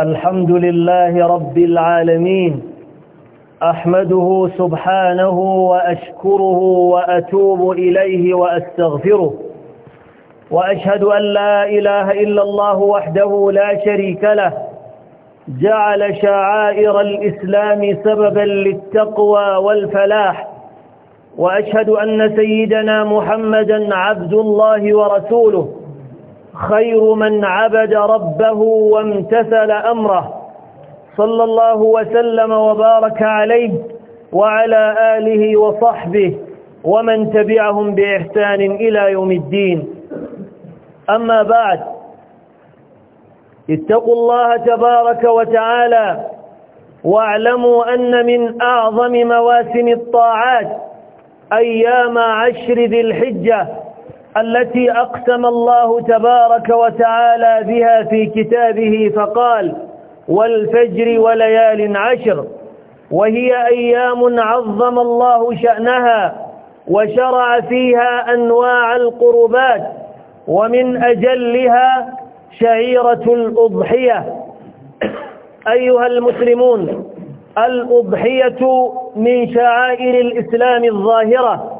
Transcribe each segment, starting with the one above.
الحمد لله رب العالمين أحمده سبحانه وأشكره وأتوب إليه وأستغفره وأشهد أن لا إله إلا الله وحده لا شريك له جعل شعائر الإسلام سببا للتقوى والفلاح وأشهد أن سيدنا محمدا عبد الله ورسوله خير من عبد ربه وامتثل أمره صلى الله وسلم وبارك عليه وعلى آله وصحبه ومن تبعهم بإحسان إلى يوم الدين أما بعد اتقوا الله تبارك وتعالى واعلموا أن من أعظم مواسم الطاعات أيام عشر ذي الحجة التي أقسم الله تبارك وتعالى بها في كتابه فقال والفجر وليال عشر وهي أيام عظم الله شأنها وشرع فيها أنواع القربات ومن أجلها شعيرة الأضحية أيها المسلمون الأضحية من شعائر الإسلام الظاهرة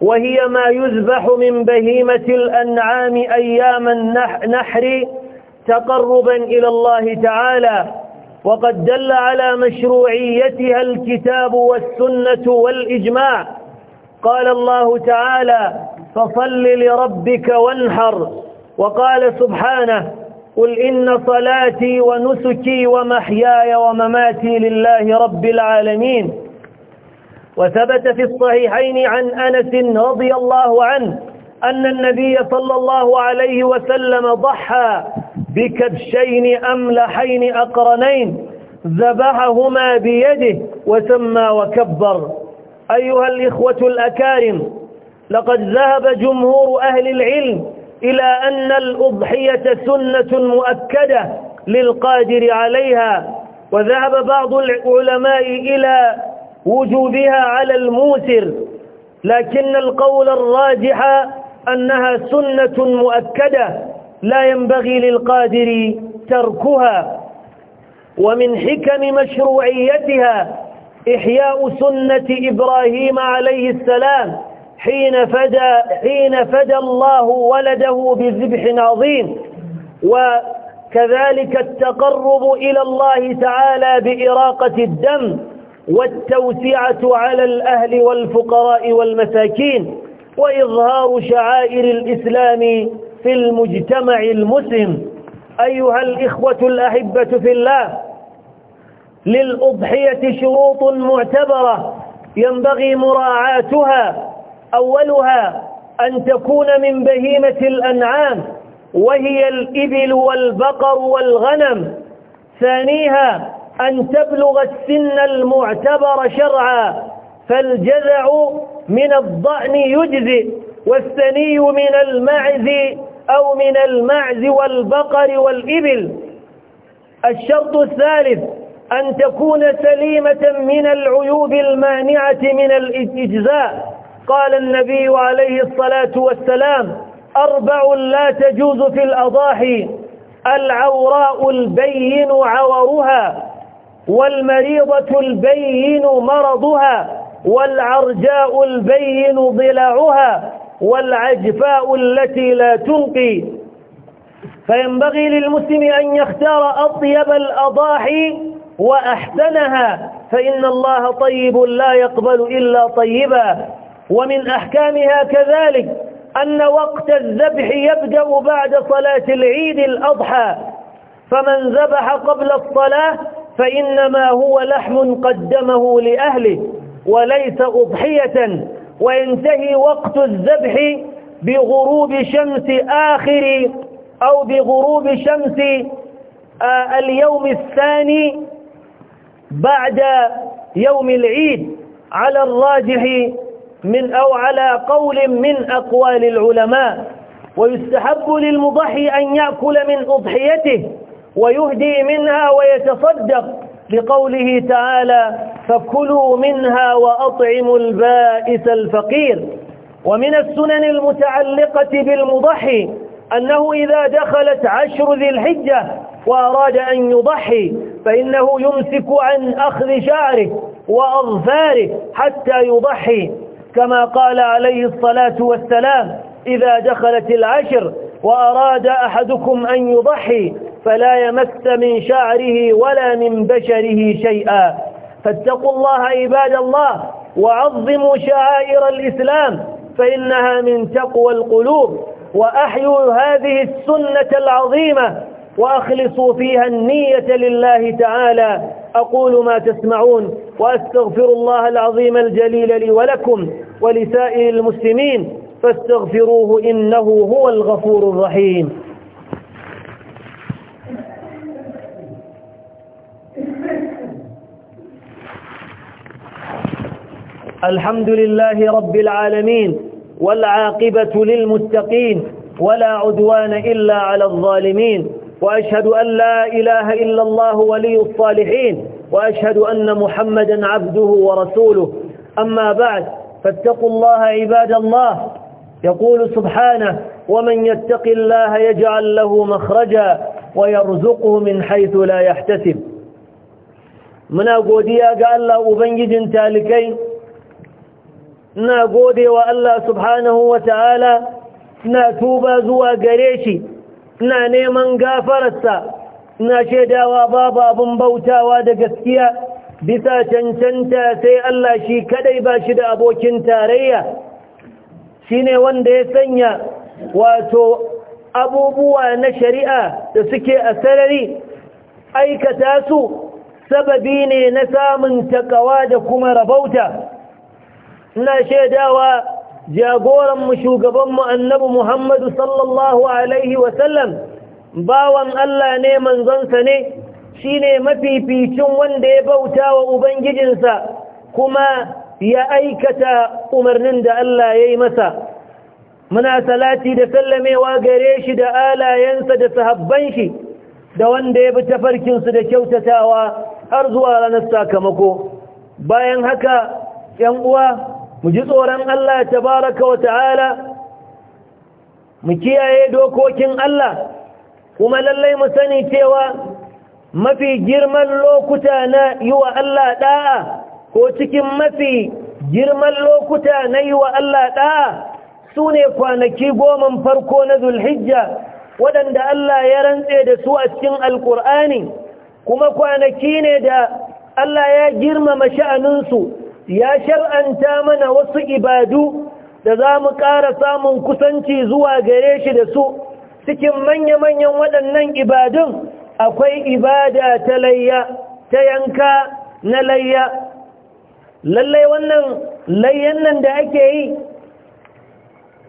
وهي ما يذبح من بهيمة الأنعام أيام النحر تقربا إلى الله تعالى وقد دل على مشروعيتها الكتاب والسنة والإجماع قال الله تعالى فصل لربك وانحر وقال سبحانه قل إن صلاتي ونسكي ومحياي ومماتي لله رب العالمين وثبت في الصحيحين عن أنس رضي الله عنه أن النبي صلى الله عليه وسلم ضحى بكبشين أملحين أقرنين ذبحهما بيده وسمى وكبر أيها الإخوة الأكارم لقد ذهب جمهور أهل العلم إلى أن الأضحية سنة مؤكدة للقادر عليها وذهب بعض العلماء إلى وجوبها على الموسر لكن القول الراجح أنها سنة مؤكدة لا ينبغي للقادر تركها ومن حكم مشروعيتها إحياء سنة إبراهيم عليه السلام حين فدى, حين فدى الله ولده بذبح عظيم وكذلك التقرب إلى الله تعالى بإراقة الدم والتوسعة على الأهل والفقراء والمساكين وإظهار شعائر الإسلام في المجتمع المسلم أيها الإخوة الأحبة في الله للأضحية شروط معتبرة ينبغي مراعاتها أولها أن تكون من بهيمة الأنعام وهي الإبل والبقر والغنم ثانيها أن تبلغ السن المعتبر شرعا فالجذع من الضأن يجزئ والثني من المعز أو من المعز والبقر والإبل الشرط الثالث أن تكون سليمة من العيوب المانعة من الإجزاء قال النبي عليه الصلاة والسلام أربع لا تجوز في الأضاحي العوراء البين عورها والمريضة البين مرضها والعرجاء البين ضلعها والعجفاء التي لا تنقي فينبغي للمسلم أن يختار أطيب الأضاحي وأحسنها فإن الله طيب لا يقبل إلا طيبا ومن أحكامها كذلك أن وقت الذبح يبدأ بعد صلاة العيد الأضحى فمن ذبح قبل الصلاة فإنما هو لحم قدمه لأهله وليس أضحية وينتهي وقت الذبح بغروب شمس آخر أو بغروب شمس آه اليوم الثاني بعد يوم العيد على الراجح من أو على قول من أقوال العلماء ويستحب للمضحي أن يأكل من أضحيته ويهدي منها ويتصدق لقوله تعالى فكلوا منها وأطعموا البائس الفقير ومن السنن المتعلقة بالمضحي أنه إذا دخلت عشر ذي الحجة وأراد أن يضحي فإنه يمسك عن أخذ شعره وأظفاره حتى يضحي كما قال عليه الصلاة والسلام إذا دخلت العشر وأراد أحدكم أن يضحي فلا يمس من شعره ولا من بشره شيئا فاتقوا الله عباد الله وعظموا شعائر الإسلام فإنها من تقوى القلوب وأحيوا هذه السنة العظيمة وأخلصوا فيها النية لله تعالى أقول ما تسمعون وأستغفر الله العظيم الجليل لي ولكم ولسائر المسلمين فاستغفروه إنه هو الغفور الرحيم الحمد لله رب العالمين والعاقبة للمتقين ولا عدوان إلا على الظالمين وأشهد أن لا إله إلا الله ولي الصالحين وأشهد أن محمدا عبده ورسوله أما بعد فاتقوا الله عباد الله يقول سبحانه ومن يتق الله يجعل له مخرجا ويرزقه من حيث لا يحتسب muna godiya ga Allah أبنجد تالكين ina godewa Allah subhanahu wa ta'ala ina tuba zuwa gare shi ina neman gafararsa ina shaidawa babu abin bautawa da gaskiya bisa cancanta sai Allah shi kadai ba shi da abokin tarayya shine wanda ya sanya wato abubuwa na shari'a da suke a sarari aikata su sababi ne na samun takawa da kuma rabauta ina shaidawa jagoranmu shugabanmu annabi muhammadu sallallahu alaihi wasallam bawan Allah ne manzonsa ne shine mafificin wanda ya bauta wa ubangijinsa kuma ya aikata umarnin da Allah ya yi masa muna salati da sallamewa gare shi da alayensa da sahabban shi da wanda ya bi tafarkinsu da kyautatawa har zuwa ranar sakamako bayan haka ‘yan uwa mu ji tsoron Allah tabaraka wa ta'ala mu kiyaye dokokin Allah kuma lallai mu sani cewa mafi girman lokuta na yi wa Allah ɗa'a, ko cikin mafi girman lokuta na yi wa Allah ɗa'a, su ne kwanaki goman farko na zulhijja waɗanda Allah ya rantse da su a cikin alkur'ani kuma kwanaki ne da Allah ya girmama sha'aninsu ya shar'anta mana wasu ibadu da za mu ƙara samun kusanci zuwa gare shi da su cikin manya-manyan waɗannan ibadun akwai ibada ta layya ta yanka na layya lallai wannan layyan nan da ake yi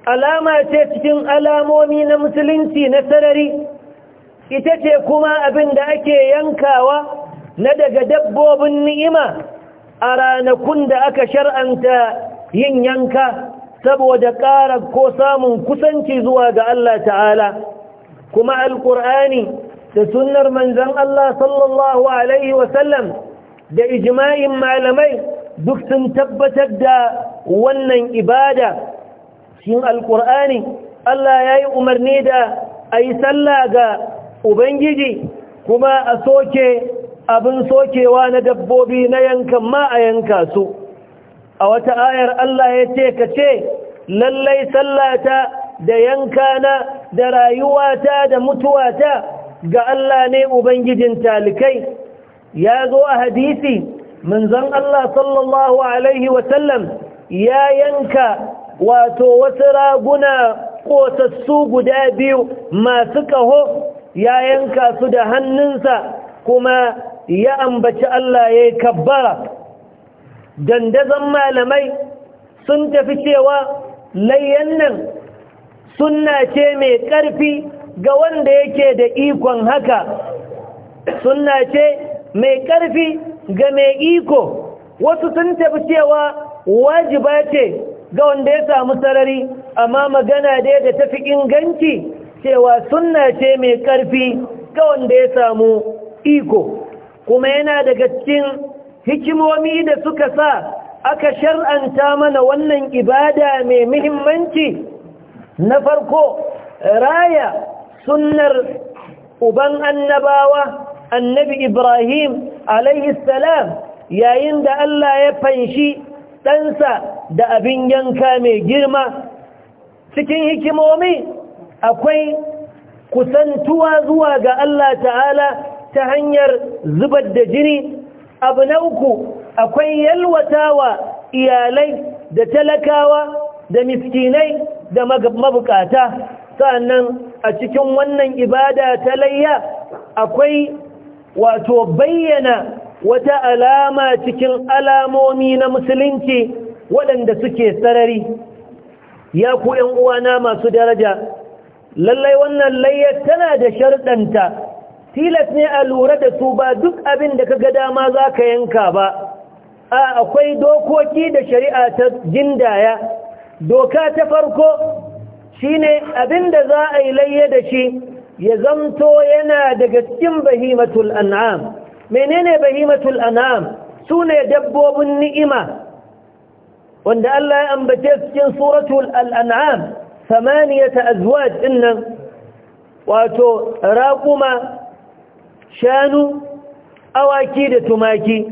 alama ce cikin alamomi na musulunci na sarari ita ce kuma abin da ake yankawa na daga dabbobin ni'ima a ranakun da aka shar'anta yin yanka saboda ƙara ko samun kusanci zuwa ga Allah ta'ala kuma alƙur'ani da sunnar manzan Allah sallallahu Alaihi wasallam da ijma'in malamai duk sun tabbatar da wannan ibada shin alƙur'ani Allah ya yi umarni da a yi sallah ga Ubangiji kuma a soke abin sokewa na dabbobi na yankan ma a yanka su a wata ayar Allah ya ce ka ce lallai sallata da yankana da rayuwata da mutuwata ga Allah ne Ubangijin talikai ya zo a hadisi manzon Allah sallallahu Alaihi wasallam ya yanka wato wasu raguna ƙosassu guda biyu masu kaho ya yanka su da hannunsa kuma ya ambaci Allah ya yi kabbara dandazon malamai sun tafi cewa layyan nan suna ce mai ƙarfi ga wanda yake da ikon haka suna ce mai ƙarfi ga mai iko wasu sun tafi cewa wajiba ce ga wanda ya samu sarari amma magana dai da tafi inganci cewa suna ce mai ƙarfi ga wanda ya samu iko kuma yana daga cikin hikimomi da suka sa aka shar'anta mana wannan ibada mai muhimmanci na farko raya sunnar uban annabawa annabi ibrahim alaihi yayin da allah ya fanshi ɗansa da abin yanka mai girma cikin hikimomi akwai kusantuwa zuwa ga allah ta'ala ta hanyar zubar da jini abu na uku akwai yalwatawa iyalai da talakawa da miskinai da mabukata sannan a cikin wannan ibada ta layya akwai wato bayyana wata alama cikin alamomi na musulunci waɗanda suke sarari ya ku uwana masu daraja lallai wannan layyar tana da sharɗanta tilas ne a lura da su ba duk abin da ka ga dama za ka yanka ba a akwai dokoki da shari'a ta jindaya doka ta farko shine abin da za a yi layya da shi ya zamto yana daga cikin bahimatul an'am menene bahimatul an'am sune dabbobin ni'ima wanda Allah ya ambace cikin suratul al'an'am samaniyata azwaj dinnan wato raquma shanu awaki da tumaki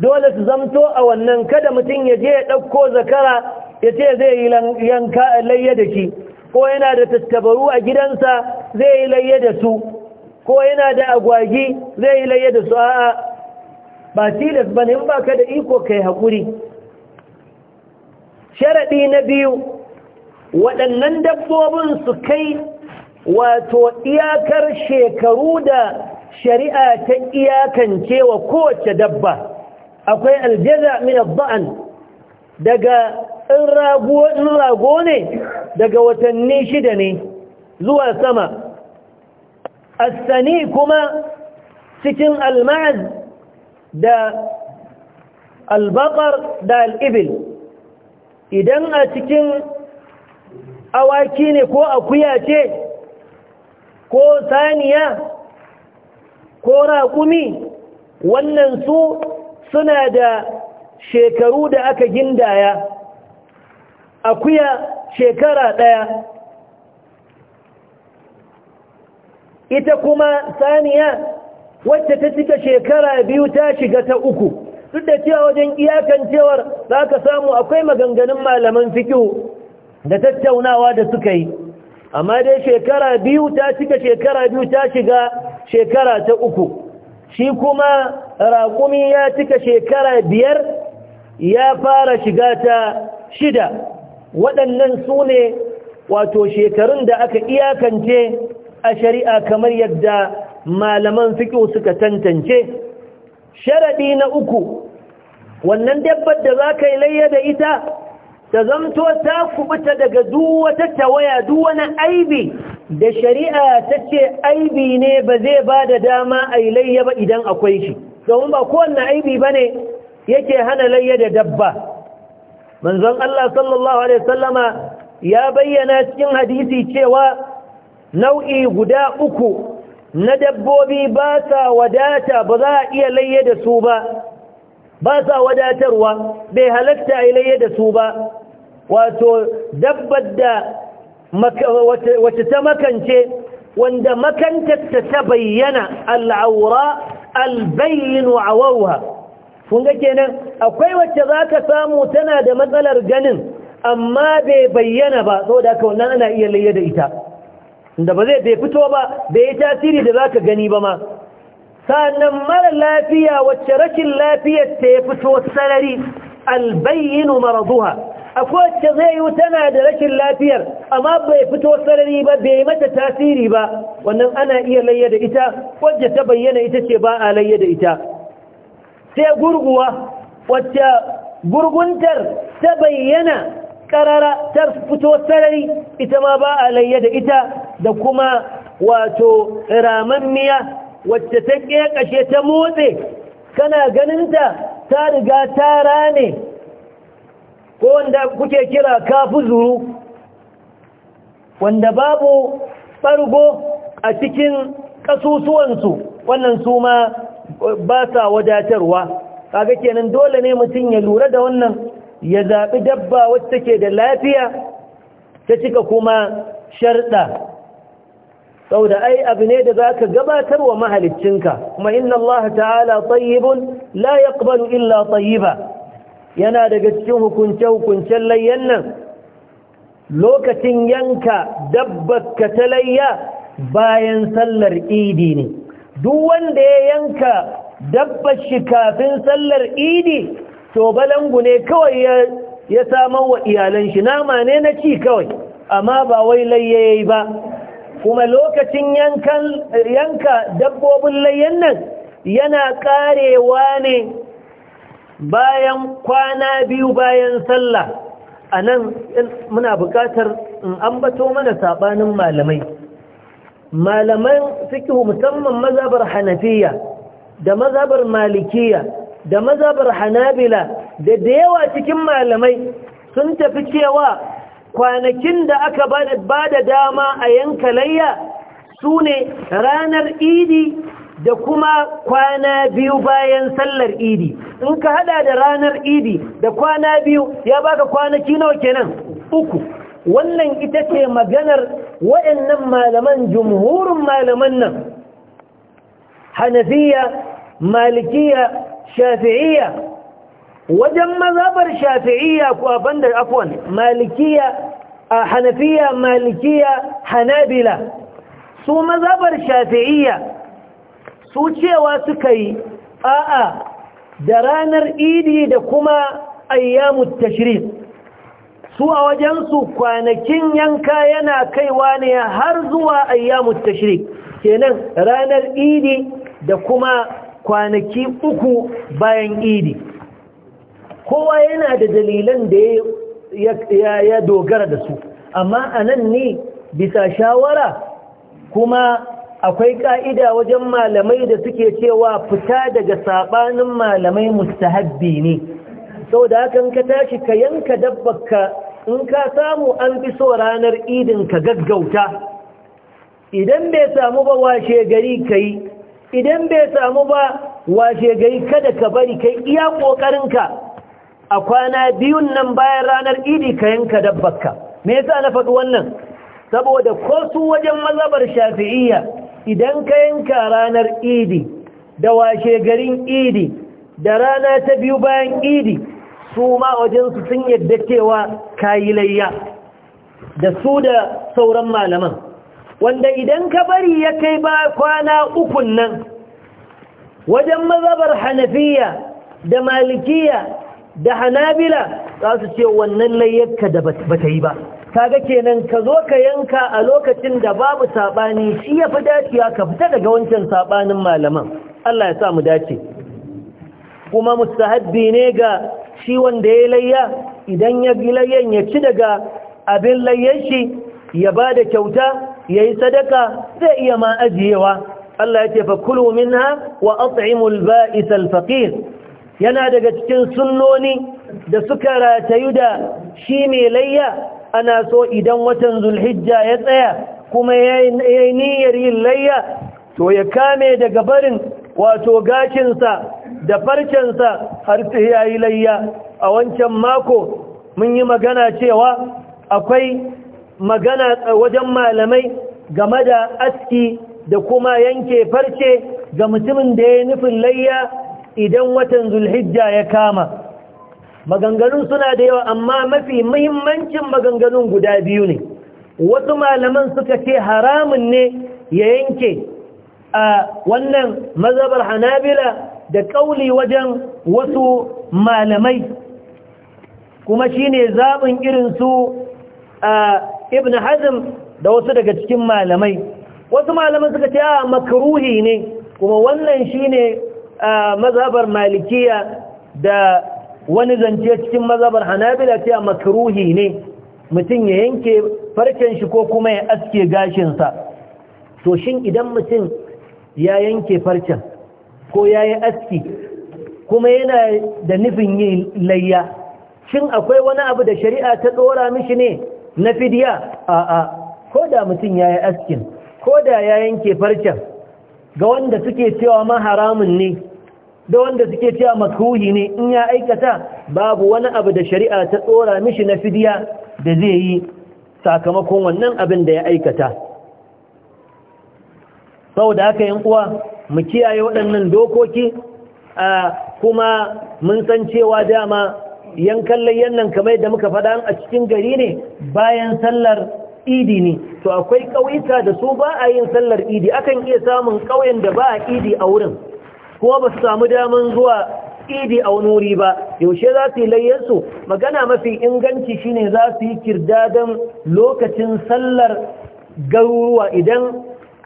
dole su zamto a wannan kada mutum ya je ya ɗauko zakara ya ce zai yi yanka layya da shi ko yana da tattabaru a gidansa zai yi layya da su ko yana da agwagi zai yi layya da su a'a ba tilas ba ne in ba ka da iko kai haƙuri sharaɗi na biyu waɗannan dabbobin su kai wato iyakar shekaru da shari'a ta iyakance wa kowace dabba akwai aljaza min adda'an daga in rago ne daga watanni shida ne zuwa sama asani kuma cikin almaz da albakar da al'ibil idan a cikin awaki ne ko akuya ce ko saniya ko raƙumi wannan su suna da shekaru da aka gindaya akuya shekara ɗaya ita kuma saniya wacce ta cika shekara biyu ta shiga ta uku duk da cewa wajen iyakancewar za ka samu akwai maganganun malaman fikihu da tattaunawa da suka yi amma dai shekara biyu ta cika shekara biyu ta shiga shekara ta uku shi kuma raƙumi ya cika shekara biyar ya fara shiga ta shida waɗannan su ne wato shekarun da aka iyakance a shari'a kamar yadda malaman fiƙo suka tantance sharaɗi na uku wannan dabbar da za ka yi layya da ita ta zamto ta kubuta daga duk wata tawaya duk wani aibi da shari'a ta ce aibi ne ba zai ba da dama a yi layya ba idan akwai shi domin ba kowanne aibi ba ne yake hana layya da dabba manzon Allah sallallahu Alaihi sallama ya bayyana cikin hadisi cewa nau'i guda uku na dabbobi ba sa wadata ba za a iya layya da su ba ba sa wadatarwa bai halatta ilayya da su ba wato dabbar da wace ta makance wanda makantarta ta bayyana al'aura albayin wa'awarwa kun ga kenan akwai wacce za ka samu tana da matsalar ganin amma bai bayyana ba saboda haka wannan ana iya layya da ita da ba zai bai fito ba bai yi tasiri da za ka gani ba ma sannan mara lafiya wacce rashin lafiyar ta ya fito sarari albayyinu maraduha akwai wacce zai yi tana da rashin lafiyar amma bai fito sarari ba bai mata tasiri ba wannan ana iya layya da ita wacce ta bayyana ita ce ba a layya da ita sai gurguwa wacce gurguntar ta bayyana karara ta fito sarari ita ma ba a layya da ita da kuma wato ramammiya wacce ta ƙeƙashe ta motse kana ganinta ta riga ta rane ko wanda kuke kira kafu zuru wanda babu ɓargo a cikin ƙasusuwansu wannan su ma ba sa wadatarwa kaga kenan dole ne mutum ya lura da wannan ya zaɓi dabba wacce ke da lafiya ta cika kuma sharɗa saboda ai abu ne da zaka gabatar wa mahaliccinka kuma inna Allah ta'ala tayyibun la yaqbalu illa tayyiba yana daga cikin hukunce hukuncen layyan nan lokacin yanka dabbaka ta layya bayan sallar idi ne duk wanda ya yanka dabbar shi kafin sallar idi to balangu ne kawai ya samar wa iyalan shi nama ne na ci kawai amma ba wai layyayi ba kuma lokacin yanka dabbobin layyan nan yana karewa ne bayan kwana biyu bayan sallah a nan muna buƙatar in ambato mana sabanin malamai malaman fikihu musamman mazabar hanafiya da mazabar malikiya da mazabar hanabila da da yawa cikin malamai sun tafi cewa kwanakin da aka ba da dama a yanka layya su ne ranar idi da kuma kwana biyu bayan sallar idi in ka hada da ranar idi da kwana biyu ya baka kwanaki nawa kenan uku wannan ita ce maganar waɗannan malaman jumhurin malaman nan hanafiya malikiya shafi'iyya wajen mazabar shafi'iyya ko abin da afwan malikiya a hanafiya malikiya hanabila su mazabar shafi'iyya su cewa suka yi a'a da ranar idi da kuma ayyamu tashrif su a wajen su kwanakin yanka yana kaiwa ne har zuwa ayyamu tashrif kenan ranar idi da kuma kwanaki uku bayan idi kowa yana da dalilan da ya ya dogara da su amma a nan ne bisa shawara kuma akwai ka'ida wajen malamai da suke cewa fita daga saɓanin malamai mustahabbi ne sau da hakan ka tashi ka yanka dabbaka in ka samu an fi so ranar idin ka gaggauta idan bai samu ba washe gari yi idan bai samu ba washe gari kada ka bari kai iya ka. a kwana biyun nan bayan ranar idi ka yanka dabbakka me yasa na faɗi wannan saboda ko su wajen mazhabar shafi'iyya idan ka yanka ranar idi da washe garin idi da rana ta biyu bayan idi su ma wajensu sun yadda cewa kayi layya da su da sauran malaman wanda idan ka bari ya kai ba kwana ukun nan wajen mazabar hanafiya da malikiya da hanabila za su ce wannan layyarka da bata yi ba ga kenan ka zo ka yanka a lokacin da babu saɓani shi ya fi ya ka fita daga wancan saɓanin malaman Allah ya sa mu dace kuma mustahabbi ne ga shi wanda ya layya idan ya bi layyan ya ci daga abin layyan shi ya ba da kyauta ya yi sadaka zai iya ma ajiyewa Allah ya ce fa kulu minha wa at'imul ba'is al faqir yana daga cikin sunnoni da suka ratayu da shi mai layya ana so idan watan zulhijja ya tsaya kuma ya yi niyyar yin layya to ya kame daga barin wato gashinsa da farcensa har sai ya yi layya a wancan mako mun yi magana cewa akwai magana wajen malamai game da aski da kuma yanke farce ga mutumin da ya nufin layya idan watan zulhijja ya kama maganganun suna da yawa amma mafi muhimmancin maganganun guda biyu ne wasu malaman suka ce haramun ne ya yanke a wannan mazabar hanabila da kauli wajen wasu malamai kuma shine zaɓin irin su a ibn hazm da wasu daga cikin malamai wasu malaman suka ce a makruhi ne kuma wannan shine A mazhabar malikiya da wani zance cikin mazhabar hanabila cewa makruhi ne mutum ya yanke farcen shi ko kuma ya aske gashinsa to shin idan mutum ya yanke farcen ko ya yi aski kuma yana da nufin yin layya shin akwai wani abu da shari'a ta ɗora mishi ne na fidiya a'a ko da mutum ya yi askin ko da ya yanke farcen ga wanda suke cewa ma haramun ne da wanda suke cewa makruhi ne in ya aikata babu wani abu da shari'a ta tsora mishi na fidiya da zai yi sakamakon wannan abin da ya aikata da haka yan uwa mu kiyaye waɗannan dokoki a kuma mun san cewa dama yan kallon yannan kamar da muka faɗa a cikin gari ne bayan sallar idi ne to akwai ƙauyuka da su ba a yin sallar idi akan iya samun ƙauyen da ba a idi a wurin kuma ba su samu daman zuwa idi a wani wuri ba yaushe za su yi layyarsu magana mafi inganci shine za su yi kirdadan lokacin sallar garuruwa idan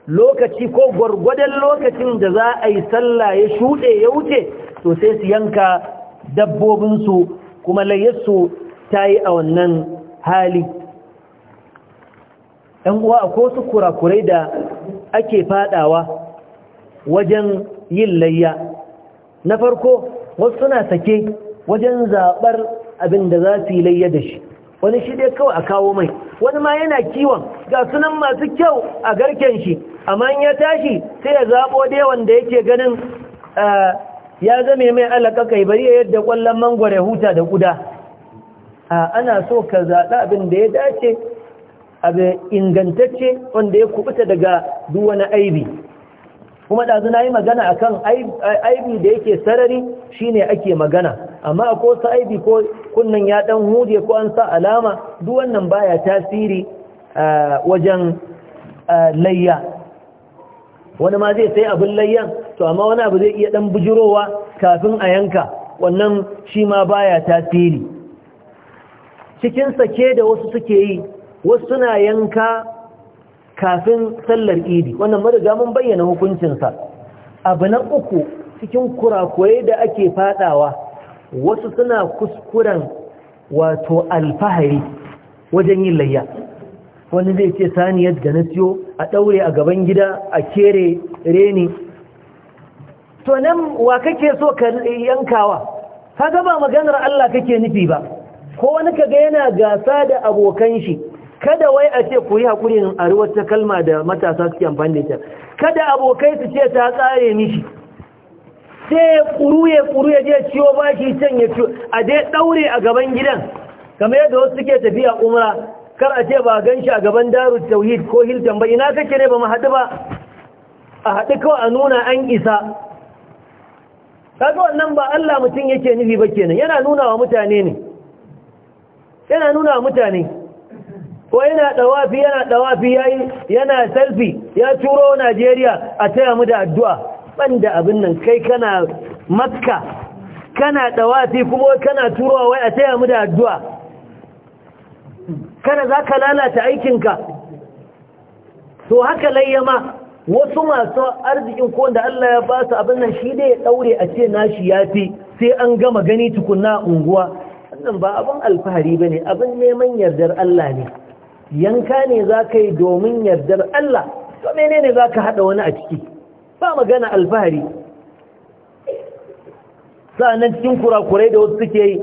lokaci ko gwargwadon lokacin da za a yi salla ya shuɗe ya wuce to sai su yanka dabbobinsu kuma layyarsu ta yi a wannan hali ɗan uwa akwai wasu kurakurai da ake fadawa wajen yin layya na farko wasu suna sake wajen zaɓar abin da za su yi layya da shi wani shi dai kawai a kawo mai wani ma yana kiwon ga sunan masu kyau a garken shi amma ya tashi sai ya zaɓo dai wanda yake ganin ya zame mai alaƙa kai bari ya yadda ƙwallon ya huta da ƙuda ana so ka zaɓa abin da ya dace abu ingantacce wanda ya kubuta daga duwane aibi kuma ɗazu na yi magana a kan aibi da yake sarari shine ake magana amma a kosa aibi ko kunnan ya ɗan hude ko an sa alama duwannan baya tasiri wajen layya wani ma zai sai abin layyan to amma wani abu zai iya ɗan bujirowa kafin a yanka wannan shi ma baya tasiri cikin sake da wasu suke yi wasu suna yanka kafin sallar idi wannan mariga mun bayyana hukuncinsa abu na uku cikin kurakurai da ake fadawa wasu suna kuskuren wato alfahari wajen yin layya wani zai ce saniyar da na siyo a ɗaure a gaban gida a kere reni to nan wa kake so ka yankawa ka ba maganar Allah kake nufi ba ko wani kaga yana gasa da abokan shi kada wai a ce ku yi haƙurin a ta kalma da matasa suke amfani da ita kada abokai su ce ta tsare mishi sai ya ƙuru ya je ciwo ba shi can ya ciwo a dai ɗaure a gaban gidan kamar yadda wasu suke tafiya umra kar a ce ba gan shi a gaban daru tauhid ko hilton ba ina kake ne ba mu haɗu ba a haɗu kawai a nuna an isa kaga wannan ba Allah mutum yake nufi ba kenan yana nuna wa mutane ne yana nuna wa mutane ko yana dawafi yana dawafi yayi yana selfi ya turo Najeriya a taya mu da addu'a banda abin nan kai kana Makka kana dawafi kuma kana turowa wai a taya mu da addu'a kana zaka lalata aikinka to haka layyama wasu masu arzikin ko da Allah ya ba su abin nan shi ne ya daure a ce nashi ya fi sai an gama gani tukunna unguwa wannan ba abin alfahari bane abin neman yardar Allah ne yanka ne za ka yi domin yardar Allah to menene za ka haɗa wani a ciki ba magana alfahari na cikin kurakurai da wasu suke yi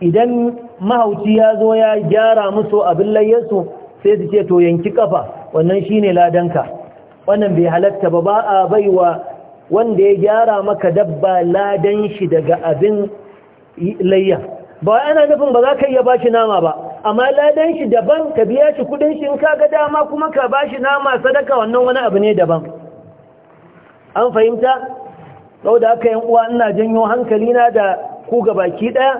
idan mahauci ya zo ya gyara musu abin layyarsu sai su ce to yanki kafa wannan shi ne ladanka wannan bai halatta ba ba a baiwa wanda ya gyara maka dabba ladan shi daga abin layya ba ana nufin ba za ka iya shi nama ba amma ladan shi daban ka biya shi kudin shi in ka ga dama kuma ka ba shi nama sadaka wannan wani abu ne daban an fahimta sau da aka yin uwa ina janyo hankali na da ku ga baki ɗaya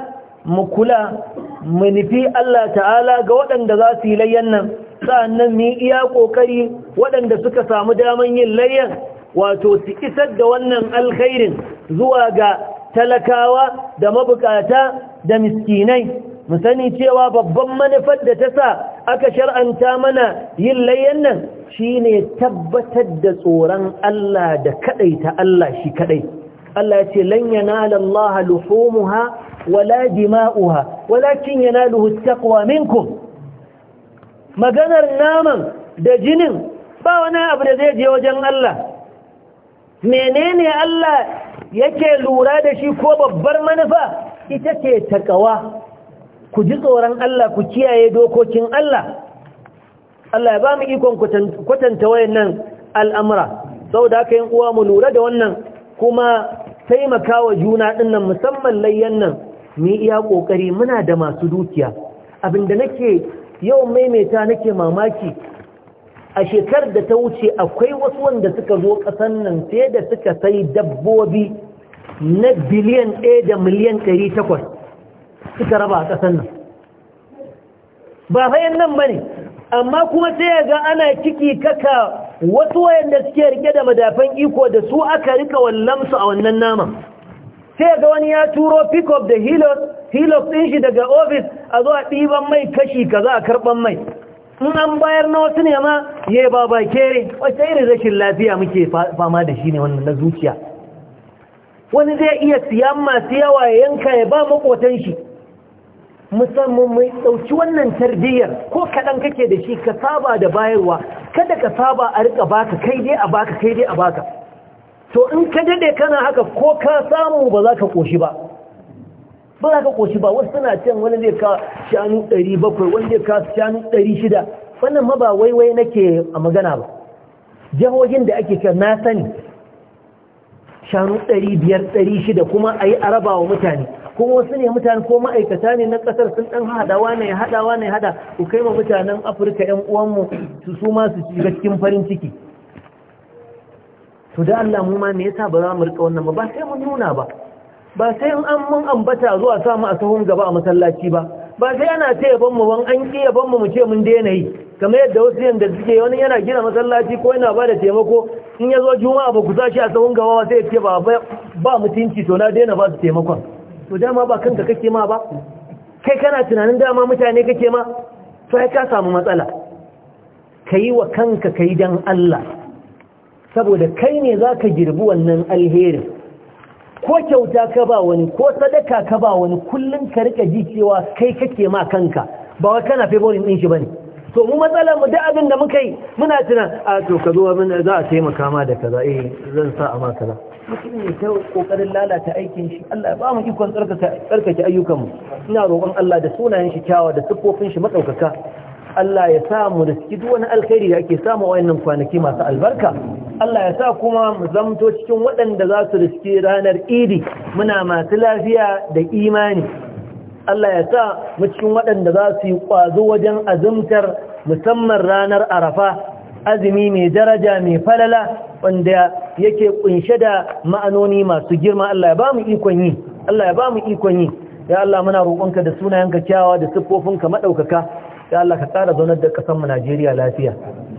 mu kula mu nufi Allah ta'ala ga waɗanda za su yi layyan nan sa'annan mu yi iya ƙoƙari waɗanda suka samu daman yin layyan wato su isar da wannan alkhairin zuwa ga talakawa da mabukata da miskinai mu sani cewa babban manufar da ta sa aka shar'anta mana yin layyan nan shine tabbatar da tsoron Allah da kadai ta Allah shi kadai Allah ce lan yanala luhumuha wala dima'uha walakin yanaluhu taqwa minkum maganar naman da jinin ba wani abu da zai je wajen Allah menene Allah yake lura da shi ko babbar manufa ita ce takawa ku ji tsoron Allah ku kiyaye dokokin Allah Allah ya ba mu ikon kwatanta wayannan al'amura saboda haka yin uwa mu lura da wannan kuma taimakawa juna dinnan musamman layyan nan mu iya kokari muna da masu dukiya abinda nake yau maimaita nake mamaki a shekar da ta wuce akwai wasu wanda suka zo kasan nan sai da suka sai dabbobi na biliyan ɗaya da miliyan ɗari takwas. suka raba a ƙasar nan ba bayan nan ba ne amma kuma sai ga ana ciki kaka wasu wayanda suke rike da madafan iko da su aka rika su a wannan naman. sai ga wani ya turo pick up da hilos hilos ɗin shi daga ofis a zuwa ɗiban mai kashi ka za a karɓan mai in an bayar na wasu ne ma ya ba ba kere wata irin rashin lafiya muke fama da shi ne wannan na zuciya wani zai iya siyan masu yawa ya yanka ya ba makotan shi musamman mai ɗauki wannan tarbiyyar ko kaɗan kake da shi ka saba da bayarwa kada ka saba a rika baka kai dai a baka kai dai a baka to in ka daɗe kana haka ko ka samu ba za ka ƙoshi ba ba za ka ƙoshi ba wasu suna can wani zai ka shanu ɗari bakwai wani zai ka shanu ɗari shida wannan ma ba waiwai nake a magana ba jihohin da ake kan na sani shanu ɗari biyar ɗari shida kuma a yi araba wa mutane kuma wasu ne mutane ko ma'aikata ne na kasar sun dan hadawa ne hadawa ne hada ku kai ma mutanen afirka yan uwanmu su su ma su shiga cikin farin ciki to da Allah mu ma me yasa ba za mu rika wannan ba ba sai mun nuna ba ba sai in an mun ambata zuwa samu a sahun gaba a masallaci ba ba sai ana ce yaban mu ban an ki yaban mu mu ce mun daina yi kamar yadda wasu yanda suke wani yana gina masallaci ko yana ba da taimako in ya zo juma'a ba ku sa shi a sahun gaba ba sai ya ce ba ba mutunci to na daina ba su taimakon to dama ba kanka kake ma ba kai kana tunanin dama mutane kake ma ai ka samu matsala kai wa kanka kai dan Allah saboda kai ne zaka girbi wannan alheri ko kyauta ka ba wani ko sadaka ka ba wani kullun ka rika ji cewa kai kake ma kanka ba wai kana favorin din shi bane to mu matsala mu da abin da muka yi muna tunan a to ka zo za a taimaka ma da kaza eh zan sa a ma kaza mutum ya ta kokarin lalata aikin shi Allah ba mu ikon tsarkake ayyukanmu ina roƙon Allah da sunayen shi kyawa da siffofin shi matsaukaka Allah ya sa mu da ciki duk wani alkhairi da ake samu a wannan kwanaki masu albarka Allah ya sa kuma mu zamto cikin waɗanda za su riske ranar idi muna masu lafiya da imani Allah ya sa mu cikin waɗanda za su yi ƙwazo wajen azumtar musamman ranar arafa azumi mai daraja mai falala wanda yake kunshe da ma'anoni masu girma Allah ya ba mu ikon yi Allah ya ba mu ikon yi ya Allah muna roƙonka da sunayenka kyawawa da siffofinka madaukaka ya Allah ka tsara zaunar da kasar mu Najeriya lafiya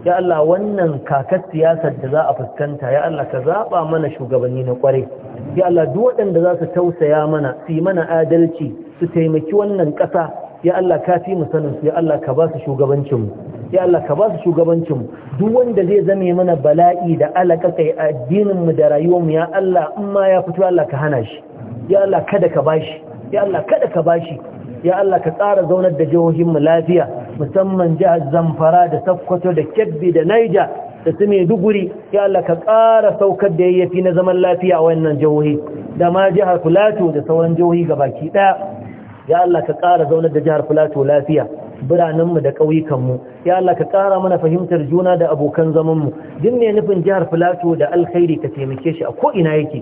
ya Allah wannan kakar siyasar da za a fuskanta ya Allah ka zaba mana shugabanni na kware ya Allah duk waɗanda za su tausaya mana su yi mana adalci su taimaki wannan ƙasa ya Allah ka fi mu sanin su ya Allah ka ba su shugabancin mu ya Allah ka ba su shugabancin duk wanda zai zame mana bala'i da alaka kai addinin mu da rayuwar mu ya Allah in ma ya fito Allah ka hana shi ya Allah kada ka bashi ya Allah kada ka bashi ya Allah ka tsara zaunar da jihohin mu lafiya musamman jihar Zamfara da Sokoto da Kebbi da Niger da su Maiduguri ya Allah ka ƙara saukar da yayyafi na zaman lafiya a wannan jihohi da ma jihar Plateau da sauran jihohi gabaki ɗaya ya Allah ka ƙara zaunar da jihar Fulato lafiya biranenmu da ƙauyukanmu ya Allah ka kara mana fahimtar juna da abokan zamanmu duk mai nufin jihar filato da alkhairi ka taimake shi a ko'ina yake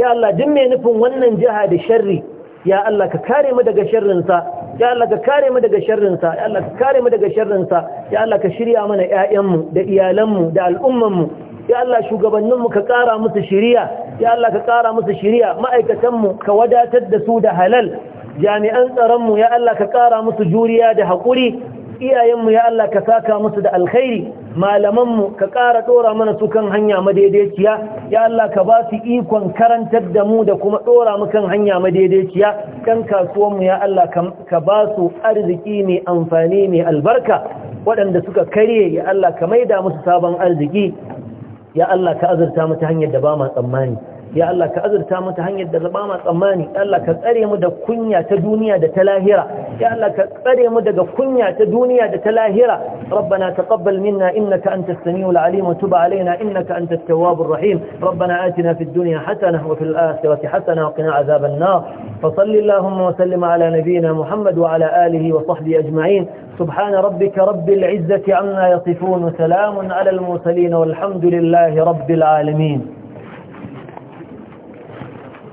ya Allah mai nufin wannan jiha da sharri ya Allah ka kare mu daga sharrinsa ya Allah ka kare mu daga sharrinsa ya Allah ka kare mu daga sharrinsa ya Allah ka shirya mana ƴaƴanmu da iyalanmu da al'ummanmu ya Allah shugabanninmu ka Kara musu shiriya ya Allah ka musu shiriya ma'aikatanmu ka wadatar da su da halal jami'an tsaronmu ya Allah ka kara musu juriya da haƙuri iyayenmu ya Allah ka saka musu da alkhairi malamanmu ka ƙara ɗora mana su kan hanya madaidaiciya ya Allah ka ba su ikon karantar da mu da kuma ɗora mu kan hanya madaidaiciya kan kasuwanmu ya Allah ka ba su arziki mai amfani mai albarka waɗanda suka karye ya Allah ka maida musu sabon arziki ya Allah ka azurta mu ta hanyar da ba ma tsammani ya Allah ka azurta mu ta hanyar da ba ma tsammani ya Allah ka tsare mu da kunya ta duniya da ta lahira ya Allah ka tsare mu daga kunya ta duniya da ta lahira rabbana taqabbal minna innaka antas samiul alim wa tub alaina innaka antat tawwabur rahim rabbana atina fid dunya hasana wa fil akhirati hasana wa qina azaban nar fa salli allahumma wa sallim ala nabiyyina muhammad wa ala alihi wa sahbihi ajma'in سبحان ربك رب العزة عما يصفون سلام على المرسلين والحمد لله رب العالمين